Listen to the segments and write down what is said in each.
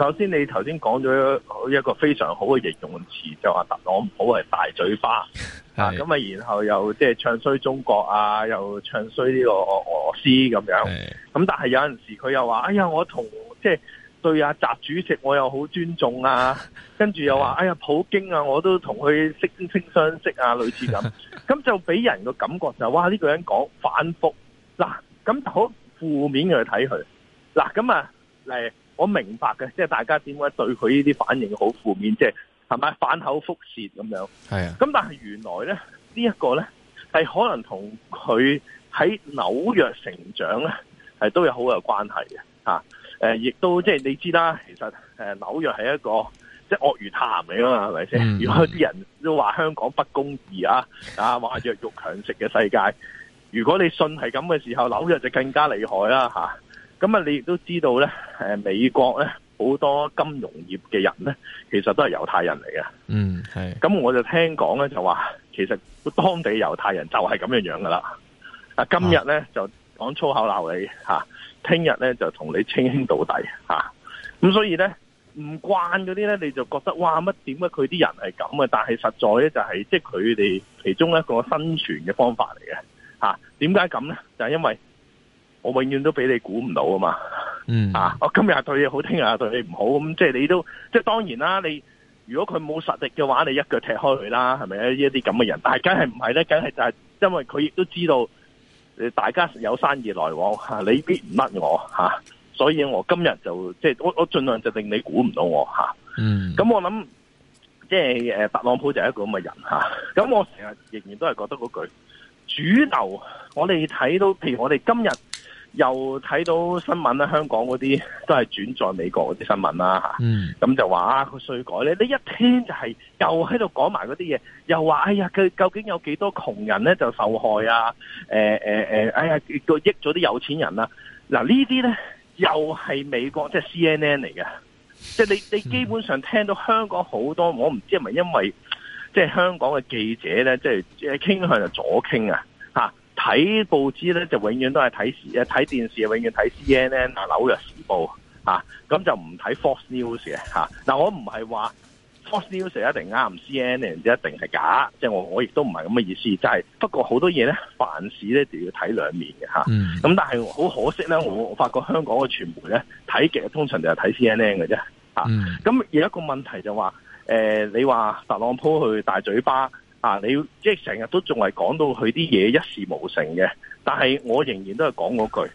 首先，你頭先講咗一個非常好嘅形容詞，就話特朗普係大嘴花，咁是啊，然後又即係唱衰中國啊，又唱衰呢個俄羅斯咁樣。咁是但係有陣時佢又話，哎呀，我同即係對阿習主席我又好尊重啊。 跟住又話，是哎呀，普京啊，我都同佢惺惺相惜啊，類似咁。咁 就俾人個感覺就是，哇！呢、呢個人講反覆，嗱，咁好負面嘅去睇佢。嗱，咁啊嚟。我明白嘅，即係大家點解對佢呢啲反應好負面，即係係咪反口覆舌咁樣？係啊，咁但係原來咧、這個、呢一個咧係可能同佢喺紐約成長咧係都有好有關係嘅嚇。誒、啊，亦都即係你知啦，其實誒紐約係一個即係鱷魚潭嚟噶嘛，係咪先？嗯嗯，如果啲人都話香港不公義啊啊，話弱肉強食嘅世界，如果你信係咁嘅時候，紐約就更加厲害啦嚇。啊咁啊，你亦都知道咧，誒，美國咧好多金融業嘅人咧，其實都係猶太人嚟嘅。嗯，係。咁我就聽講咧，就話其實當地猶太人就係咁樣樣噶啦。啊，今日咧就講粗口鬧你吓，聽日咧就同你稱兄道弟吓。咁所以咧，唔慣嗰啲咧，你就覺得「哇乜點解佢啲人係咁嘅？」但係實在咧、就是，就係即係佢哋其中一個生存嘅方法嚟嘅。吓、啊，點解咁咧？就係、是、因為。我永遠都俾你估唔到啊嘛，嗯、啊、我今日對你好，聽日對你唔好，咁、嗯、即係你都即係當然啦。你如果佢冇實力嘅話，你一腳踢開佢啦，係咪呢一啲咁嘅人，但係梗係唔係咧，梗係就係因為佢亦都知道，誒大家有生意來往吓，你必唔甩我吓、啊，所以我今日就即係我我盡量就令你估唔到我吓，啊、嗯。咁我諗，即係誒、啊，特朗普就係一個咁嘅人吓。咁、啊、我成日仍然都係覺得嗰句，主流我哋睇到，譬如我哋今日。又睇到新聞啦，香港嗰啲都係轉載美國嗰啲新聞啦，咁、嗯、就話啊個稅改咧，你一聽就係又喺度講埋嗰啲嘢，又話哎呀佢究竟有幾多窮人咧就受害啊？欸欸、哎呀個益咗啲有錢人啦、啊。嗱呢啲咧又係美國即係、就是、C N N 嚟嘅，即、就是、你你基本上聽到香港好多，我唔知係咪因為即係、就是、香港嘅記者咧，即係即係傾向就左傾啊。睇報紙咧就永遠都係睇視誒睇電視，永遠睇 CNN 啊，紐約時報嚇，咁、啊、就唔睇 Fox News 嘅、啊、但嗱我唔係話 Fox News 一定啱，CNN 一定係假，即、就、係、是、我我亦都唔係咁嘅意思，即、就、係、是、不過好多嘢咧，凡事咧就要睇兩面嘅咁、啊 mm. 但係好可惜咧，我我發覺香港嘅傳媒咧睇嘅通常就係睇 CNN 嘅啫嚇。咁、啊 mm. 啊、有一個問題就話、是、誒、呃，你話特朗普去大嘴巴。啊！你即係成日都仲係講到佢啲嘢一事無成嘅，但係我仍然都係講嗰句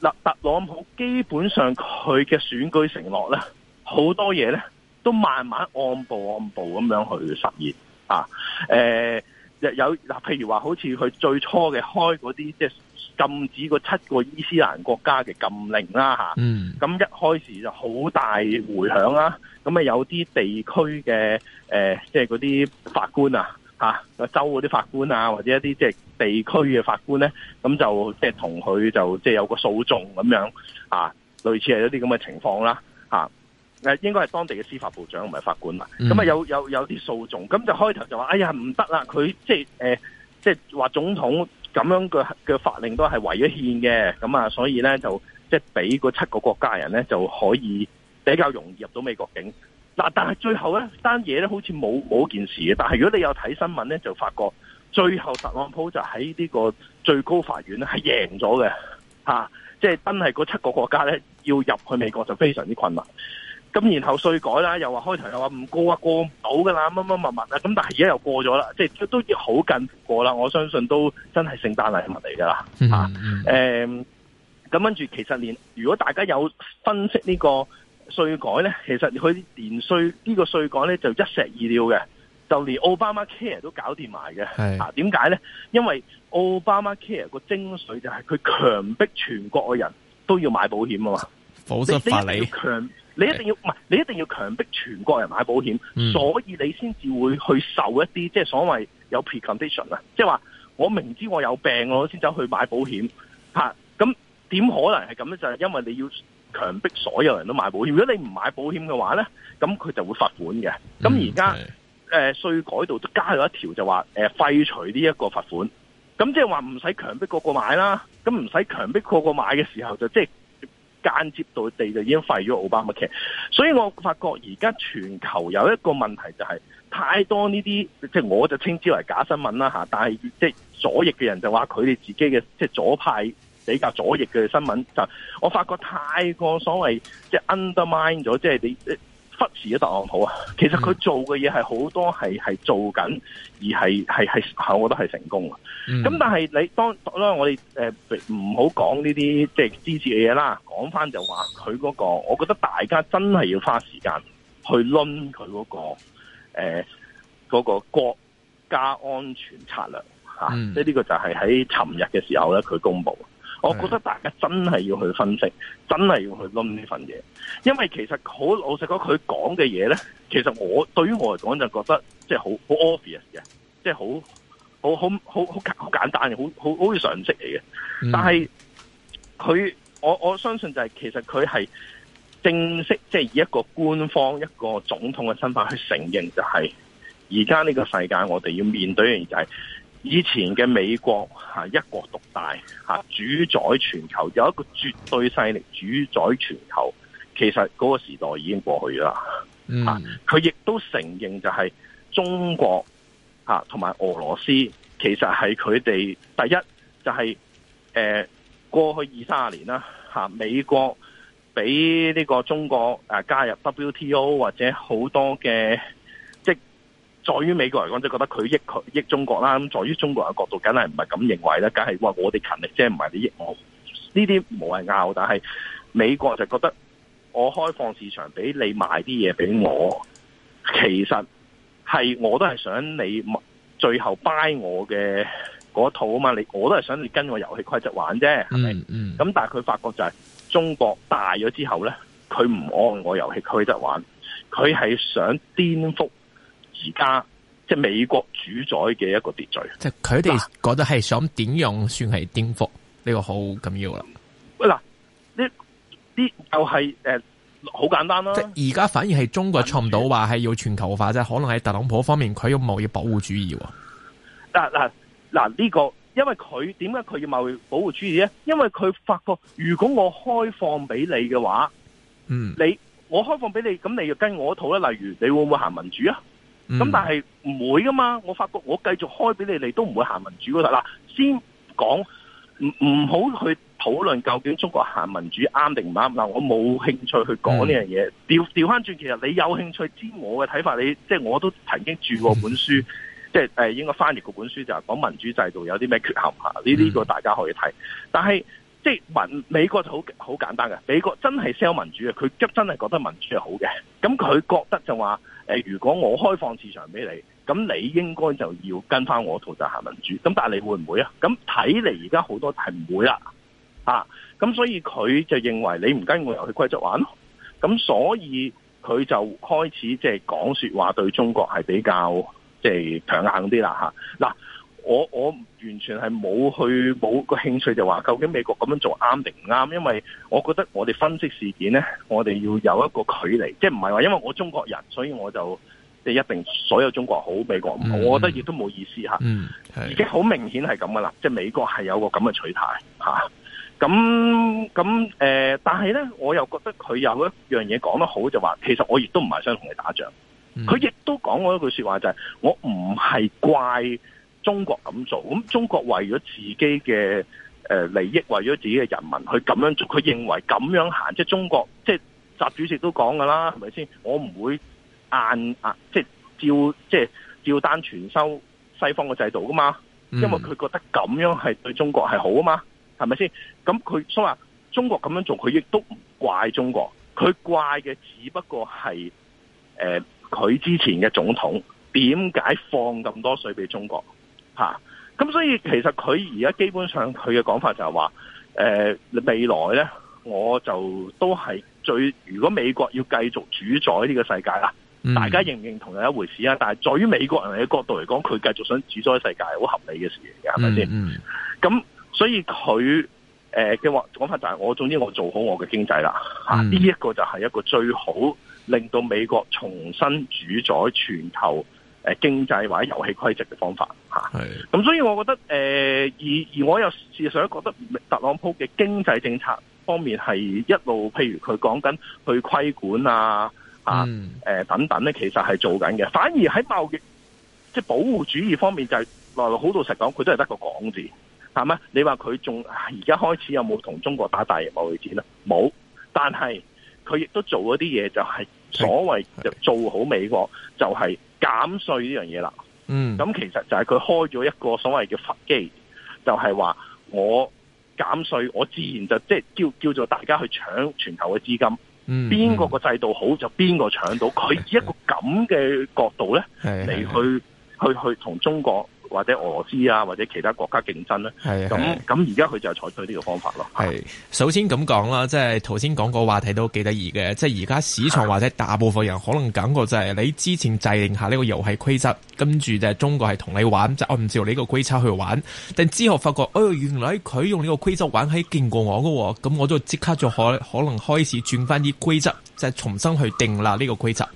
嗱、啊，特朗普基本上佢嘅選舉承諾咧，好多嘢咧都慢慢按部按部咁樣去實現啊。誒、啊，有嗱，譬、啊、如話好似佢最初嘅開嗰啲即係禁止嗰七個伊斯蘭國家嘅禁令啦，吓、啊，咁、啊、一開始就好大回響啦。咁啊，有啲地區嘅誒，即係嗰啲法官啊。啊，州嗰啲法官啊，或者一啲即係地區嘅法官咧，咁就即係同佢就即係有個訴訟咁樣，啊，類似係一啲咁嘅情況啦，吓，誒應該係當地嘅司法部長唔係法官啊，咁啊、嗯、有有有啲訴訟，咁就開頭就話，哎呀唔得啦，佢即係誒即係話總統咁樣嘅嘅法令都係違咗憲嘅，咁啊所以咧就即係俾嗰七個國家人咧就可以比較容易入到美國境。嗱，但係最後咧，單嘢咧好似冇冇件事嘅，但係如果你有睇新聞咧，就發覺最後特朗普就喺呢個最高法院咧係贏咗嘅，嚇，即係真係嗰七個國家咧要入去美國就非常之困難。咁然後稅改啦，又話開頭又話唔高啊，過唔到噶啦，乜乜乜物啦，咁但係而家又過咗啦，即係都要好近過啦，我相信都真係聖誕禮物嚟噶啦，嚇，誒，咁跟住其實連如果大家有分析呢個。稅改咧，其實佢連稅、這個、呢個稅改咧就一石二鳥嘅，就連奧巴馬 care 都搞掂埋嘅。係是啊，點解咧？因為奧巴馬 care 個精髓就係佢強逼全國嘅人都要買保險啊嘛，否則法理你，你一定要強，你一定要唔係是你，你一定要強逼全國人買保險，嗯、所以你先至會去受一啲即係所謂有 precondition 啊，即係話我明知我有病，我先走去買保險嚇。咁、啊、點可能係咁咧？就係、是、因為你要。強迫所有人都買保險，如果你唔買保險嘅話咧，咁佢就會罰款嘅。咁而家誒稅改度都加咗一條就，就話誒廢除呢一個罰款。咁即係話唔使強迫個個買啦。咁唔使強迫個個買嘅時候，就即係間接到地就已經廢咗奧巴馬期。所以我發覺而家全球有一個問題就係太多呢啲，即係我就稱之為假新聞啦嚇。但係即係左翼嘅人就話佢哋自己嘅即係左派。比較左翼嘅新聞，就我發覺太過所謂即係 undermine 咗，即係你忽視咗特朗普。好啊。其實佢做嘅嘢係好多係係做緊，而係係係，我覺得係成功啊。咁但係你當當然我哋誒唔好講呢啲即係支持嘅嘢啦，講翻就話佢嗰個，我覺得大家真係要花時間去論佢嗰個誒嗰、呃嗰個、國家安全策略嚇。啊嗯、即係呢個就係喺尋日嘅時候咧，佢公布。是我覺得大家真係要去分析，真係要去諗呢份嘢，因為其實好老實講，佢講嘅嘢咧，其實我對於我嚟講就覺得即係好好 obvious 嘅，即係好好好好好好簡單嘅，好好好常識嚟嘅。嗯、但係佢，我我相信就係其實佢係正式即係、就係、以一個官方一個總統嘅身份去承認、就係，就係而家呢個世界我哋要面對嘅就係。以前嘅美國一國獨大主宰全球有一個絕對勢力主宰全球，其實嗰個時代已經過去啦。嗯，佢亦都承認就係中國嚇同埋俄羅斯其實係佢哋第一就係、誒、過去二三十年啦美國俾呢個中國誒加入 WTO 或者好多嘅。在於美國嚟講，即係覺得佢益佢益中國啦。咁在於中國人嘅角度，梗係唔係咁認為啦。梗係話我哋勤力，啫，唔係你益我。呢啲冇係拗，但係美國就覺得我開放市場俾你賣啲嘢，俾我，其實係我都係想你最後掰，我嘅嗰套啊嘛。你我都係想你跟我遊戲規則玩啫，係咪、嗯？咁、嗯、但係佢發覺就係、是、中國大咗之後咧，佢唔按我遊戲規則玩，佢係想顛覆。而家即係美國主宰嘅一個秩序，即係佢哋覺得係想點樣算係顛覆呢個好緊要啦。喂嗱，呢啲就係誒好簡單啦。即係而家反而係中國插唔到話係要全球化即係，可能喺特朗普方面佢要貿易保護主義。嗱嗱嗱呢個，因為佢點解佢要貿易保護主義咧？因為佢發覺如果我開放俾你嘅話，嗯，你我開放俾你，咁你就跟我一套咧。例如，你會唔會行民主啊？咁、嗯、但係唔會噶嘛？我發覺我繼續開俾你，你都唔會行民主嗰度啦。先講唔唔好去討論，究竟中國行民主啱定唔啱嗱，我冇興趣去講呢樣嘢。調調翻轉，其實你有興趣知我嘅睇法，你即係我都曾經住過本書，即係誒應該翻譯過本書就係、是、講民主制度有啲咩缺陷。呢呢個大家可以睇。但係即係民美國就好好簡單嘅，美國真係 sell 民主嘅，佢真係覺得民主係好嘅，咁佢覺得就話。如果我開放市場俾你，咁你應該就要跟翻我圖就行民主，咁但係你會唔會啊？咁睇嚟，而家好多係唔會啦，啊，咁所以佢就認為你唔跟我遊戲規則玩咯，咁所以佢就開始即係講說話對中國係比較即係強硬啲啦，吓、啊、嗱。啊我我完全係冇去冇個興趣就話究竟美國咁樣做啱定唔啱，因為我覺得我哋分析事件呢，我哋要有一個距離，即係唔係話因為我中國人，所以我就即係一定所有中國好美國唔好，我覺得亦都冇意思吓。嗯嗯、已經好明顯係咁噶啦，即係美國係有個咁嘅取態吓。咁咁誒，但係呢，我又覺得佢有一樣嘢講得好就話，其實我亦都唔係想同你打仗。佢亦、嗯、都講過一句說話就係、是、我唔係怪。中國咁做，咁中國為咗自己嘅誒利益，為咗自己嘅人民去咁樣做，佢認為咁樣行，即係中國，即係習主席都講噶啦，係咪先？我唔會硬啊，即係照即係照單全收西方嘅制度噶嘛，因為佢覺得咁樣係對中國係好啊嘛，係咪先？咁佢所以話中國咁樣做，佢亦都唔怪中國，佢怪嘅只不過係誒佢之前嘅總統點解放咁多稅俾中國。吓，咁、啊、所以其實佢而家基本上佢嘅講法就係話，誒、呃，未來咧，我就都係最如果美國要繼續主宰呢個世界啦，大家認唔認同係一回事啊？但係在於美國人嘅角度嚟講，佢繼續想主宰世界，係好合理嘅事嚟嘅，係咪先？咁、嗯嗯、所以佢誒嘅話講法就係、是，我總之我做好我嘅經濟啦，吓呢一個就係一個最好令到美國重新主宰全球。誒，經濟或者遊戲規則嘅方法嚇，係咁是，所以我覺得，誒、呃、而而我又事實上覺得特朗普嘅經濟政策方面係一路，譬如佢講緊去規管啊，嚇、啊、誒、嗯呃、等等咧，其實係做緊嘅。反而喺貿易即係保護主義方面，就係來好老實講，佢都係得個講字，係咪？你話佢仲而家開始有冇同中國打大型貿易戰啊？冇，但係佢亦都做咗一啲嘢、就是，就係。所謂就做好美國就係、是、減稅呢樣嘢啦，咁、嗯、其實就係佢開咗一個所謂嘅罰機，就係、是、話我減稅，我自然就即係、就是、叫叫做大家去搶全球嘅資金，邊個個制度好就邊個搶到，佢以一個咁嘅角度呢嚟 去去去同中國。或者俄羅斯啊，或者其他國家競爭咧，係咁咁，而家佢就採取呢個方法咯。係首先咁講啦，即係頭先講個話題都幾得意嘅，即係而家市場或者大部分人可能感覺就係你之前制定下呢個遊戲規則，跟住就係中國係同你玩，就按照呢個規則去玩。但之後發覺，哦、哎，原來佢用呢個規則玩係勁過我嘅，咁我就即刻就可可能開始轉翻啲規則，即、就、係、是、重新去定立呢個規則。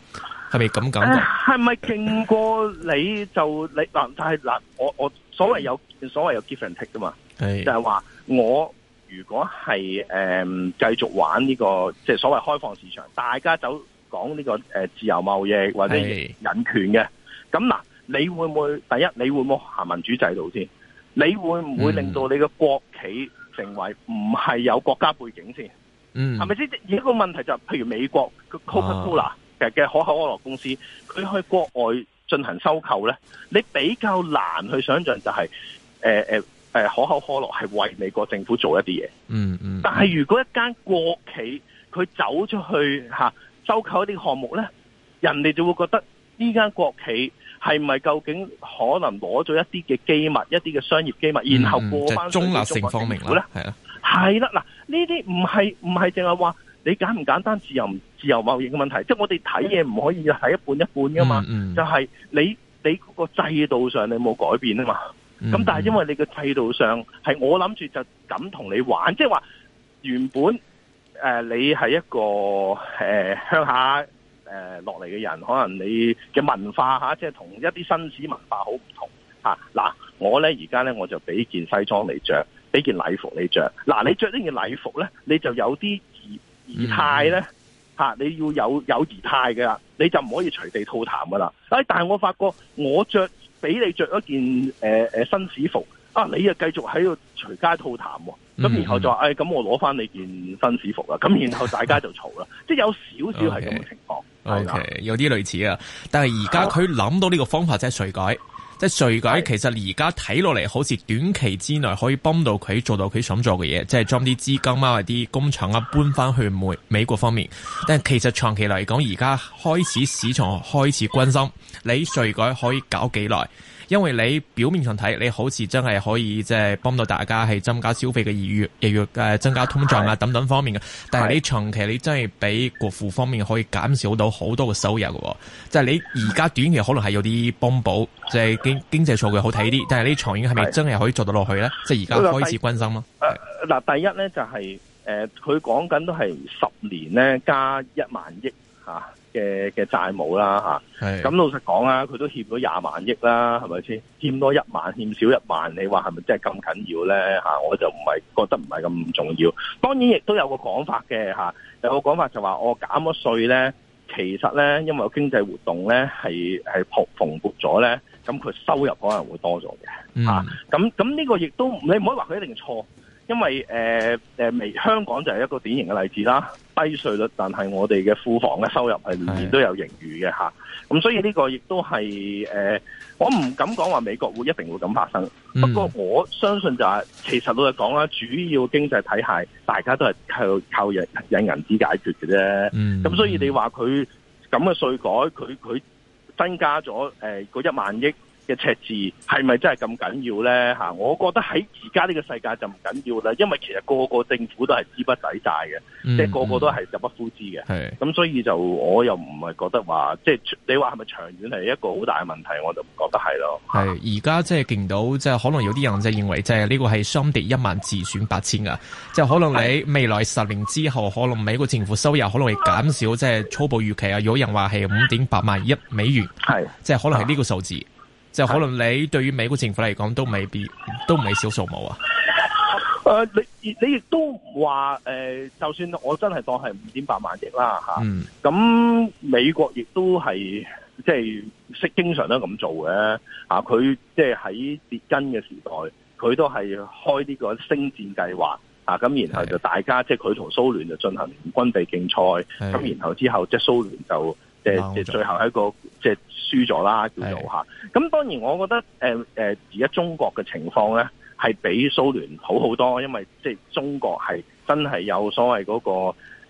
係咪咁講？係咪勁過你就 你嗱、啊？但係嗱、啊，我我所謂有所謂有 give and take 噶嘛？係是就係話，我如果係誒繼續玩呢、這個即係、就是、所謂開放市場，大家走講呢個誒、呃、自由貿易或者人權嘅咁嗱，你會唔會第一你會唔會行民主制度先？你會唔會令到你嘅國企成為唔係有國家背景先？嗯，係咪先？一個問題就係、是，譬如美國嘅 corporate 嘅可口可樂公司，佢去國外進行收購咧，你比較難去想像就係、是，誒誒誒可口可樂係為美國政府做一啲嘢、嗯，嗯嗯。但係如果一間國企佢走出去嚇、啊、收購一啲項目咧，人哋就會覺得呢間國企係咪究竟可能攞咗一啲嘅機密、一啲嘅商業機密，嗯、然後過翻中立性方面咧，係啦的，係啦，嗱呢啲唔係唔係淨係話。你簡唔簡單自由？自由自由貿易嘅問題，即係我哋睇嘢唔可以係一半一半噶嘛？Mm hmm. 就係你你嗰個制度上你冇改變啊嘛？咁、mm hmm. 但係因為你個制度上係我諗住就咁同你玩，即係話原本誒、呃、你係一個誒鄉、呃、下誒落嚟嘅人，可能你嘅文化吓、呃、即係同一啲紳士文化好唔同吓嗱、啊。我呢而家呢，我就俾件西裝你着，俾件禮服你着嗱。你着呢件禮服呢，你就有啲。儀、嗯、態咧、啊、你要有有儀態㗎啦，你就唔可以隨地吐痰㗎啦。但係我發覺我著俾你着一件誒紳、呃、士服啊，你又繼續喺度隨街吐痰喎，咁、嗯、然後就話哎，咁我攞翻你件紳士服啦，咁、嗯、然後大家就嘈啦， 即係有少少係咁嘅情況。Okay, 嗎 OK，有啲類似啊，但係而家佢諗到呢個方法即係稅改。即係稅改，其實而家睇落嚟，好似短期之內可以幫到佢做到佢想做嘅嘢，即係將啲資金啊、啲工廠啊搬翻去美美國方面。但係其實長期嚟講，而家開始市場開始關心，你稅改可以搞幾耐？因為你表面上睇，你好似真係可以即係幫到大家係增加消費嘅意欲，亦要誒增加通脹啊等等方面嘅。是但係你長期你真係俾國庫方面可以減少到好多嘅收入嘅，哦，即係你而家短期可能係有啲幫補，即係經經濟數據好睇啲。但係你長遠係咪真係可以做到落去咧？即係而家開始關心咯。誒嗱，是第一咧就係誒，佢講緊都係十年咧加一萬億嚇。啊嘅嘅債務啦吓、啊、是咁老實講啊，佢都欠咗廿萬億啦，係咪先？欠多一萬，欠少一萬，你話係咪真係咁緊要咧吓，我就唔係覺得唔係咁重要。當然亦都有個講法嘅、啊、有個講法就話我減咗稅咧，其實咧因為經濟活動咧係係蓬勃咗咧，咁佢收入可能會多咗嘅吓，咁咁呢個亦都你唔可以話佢一定錯。因為誒誒，美、呃呃、香港就係一個典型嘅例子啦。低稅率，但係我哋嘅庫房嘅收入係年年都有盈餘嘅吓。咁是的 所以呢個亦都係誒，我唔敢講話美國會一定會咁發生。嗯、不過我相信就係、是，其實老實講啦，主要經濟體係大家都係靠靠,靠引引銀紙解決嘅啫。咁、嗯、所以你話佢咁嘅稅改，佢佢增加咗誒、呃、個一萬億。嘅赤字係咪真係咁緊要咧？吓，我覺得喺而家呢個世界就唔緊要啦，因為其實個個政府都係資不抵債嘅，即係、嗯嗯、個個都係入不敷支嘅。咁是，所以就我又唔係覺得話，即、就、係、是、你話係咪長遠係一個好大嘅問題？我就唔覺得係咯。係而家即係見到，即係可能有啲人就認為，即係呢個係傷敵一萬自損八千噶，即可能你未來十年之後，可能美國政府收入可能會減少，即係初步預期啊。有人話係五點八萬一美元，係即係可能係呢個數字。啊就可能你對於美國政府嚟講都未必都唔係少數目啊、嗯！誒，你你亦都唔話、呃、就算我真係當係五點八萬億啦嚇，咁、啊嗯嗯、美國亦都係即係識經常都咁做嘅嚇，佢、啊、即係喺列根嘅時代，佢都係開呢個星戰計劃啊，咁然後就大家是 即係佢同蘇聯就進行軍備競賽，咁是 然後之後即係蘇聯就。即係即係最後一個，即係輸咗啦，叫做吓。咁當然，我覺得誒誒，而家中國嘅情況咧，係比蘇聯好好多，因為即係中國係真係有所謂嗰個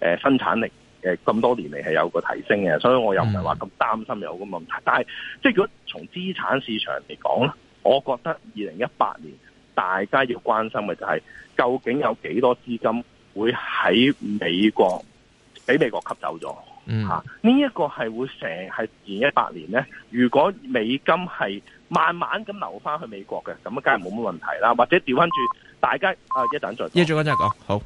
誒生產力誒，咁多年嚟係有個提升嘅，所以我又唔係話咁擔心有咁問題。嗯、但係即係如果從資產市場嚟講咧，我覺得二零一八年大家要關心嘅就係、是、究竟有幾多資金會喺美國俾美國吸走咗。嗯吓，呢一個係會成係前一百年咧。如果美金係慢慢咁流翻去美國嘅，咁梗係冇乜問題啦。或者調翻轉，大家啊一陣再一陣，我真係講好。